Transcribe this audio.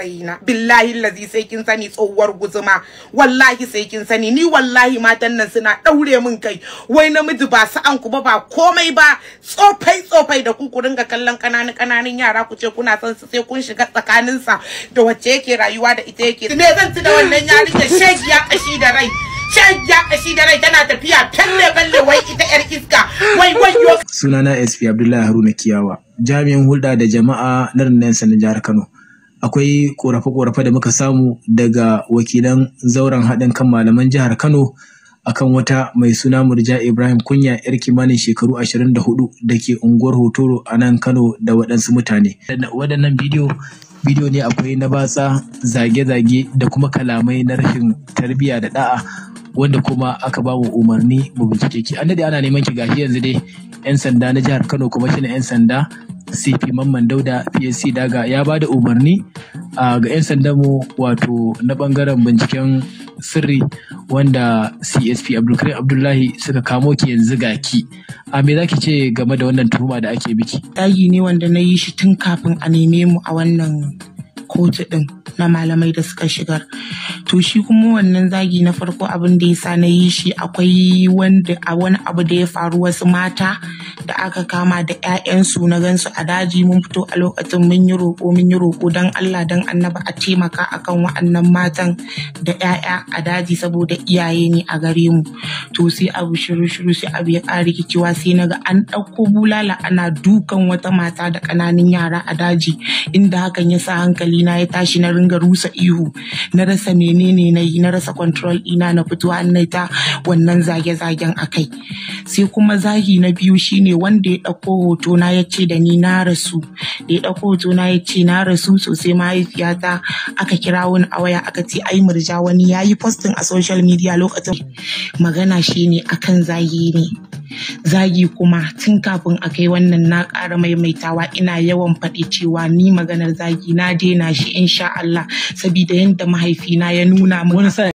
raina billahi lazi sai kin sani tsohuwar guzuma wallahi sai kin sani ni wallahi matan nan suna daure min kai wai namiji ba an ku ba ba komai ba tsofai tsofai da ku ku ringa kallon kananun kananun yara ku ce kuna son su sai kun shiga tsakanin sa da wacce yake rayuwa da ita yake ne zan ci da wannan yarinya shegiya kashi da rai ya kashi da rai tana tafiya talle balle wai ita yar iska wai wai sunana SP Abdullahi Haruna Kiyawa jami'in hulɗa da jama'a na sanin jihar Kano akwai ƙorafe-ƙorafe da muka samu daga wakilan zauren haɗin kan malaman jihar kano akan wata mai suna murja ibrahim kunya yar kimanin shekaru 24 da ke unguwar hotoro a nan kano da waɗansu mutane waɗannan bidiyo bidiyo ne akwai na batsa zage-zage da kuma kalamai na rashin tarbiyya da da'a wanda kuma aka ba wa umarni mu bincike ki an daɗe ana neman ki gashi yanzu dai 'yan sanda na jihar kano kuma shi 'yan sanda CP Mamman Dauda PSC Daga ya ba da umarni ga 'yan mu wato na bangaren binciken sirri wanda CSP Abdulkarim Abdullahi suka kamo ki yanzu ga ki. A me za ce game da wannan tuhuma da ake biki? Tagi ne wanda na yi shi tun kafin a neme mu a wannan kotu ɗin na malamai da suka shigar to shi kuma wannan zagi na farko abin da ya sa na yi shi akwai wani abu da ya faru wasu mata da aka kama da 'ya'yansu na gansu a daji mun fito a lokacin mun yi roƙo mun yi roƙo don Allah don annaba a taimaka akan wa'annan matan da 'ya'ya a daji saboda iyaye ne a gare mu to sai abu shiru shiru sai abu ya ƙara rikicewa sai na ga an ɗauko bulala ana dukan wata mata da ƙananan yara a daji inda hakan ya sa hankali na ya tashi na ringa rusa ihu na rasa menene na yi na rasa control ina na fito an ta wannan zage-zagen a kai sai kuma zagi na biyu shine wanda ya ɗauko hoto na ya ce da ni na rasu da ya ɗauko hoto na ya ce na rasu sosai mahaifiyata aka kira wani a waya aka ce ai murja wani ya yi postin a social media lokacin magana shi ne akan zagi ne zagi kuma tun kafin a kai wannan na ƙara maimaitawa ina yawan faɗi cewa ni maganar zagi na daina shi insha Allah sabida yadda mahaifina ya nuna min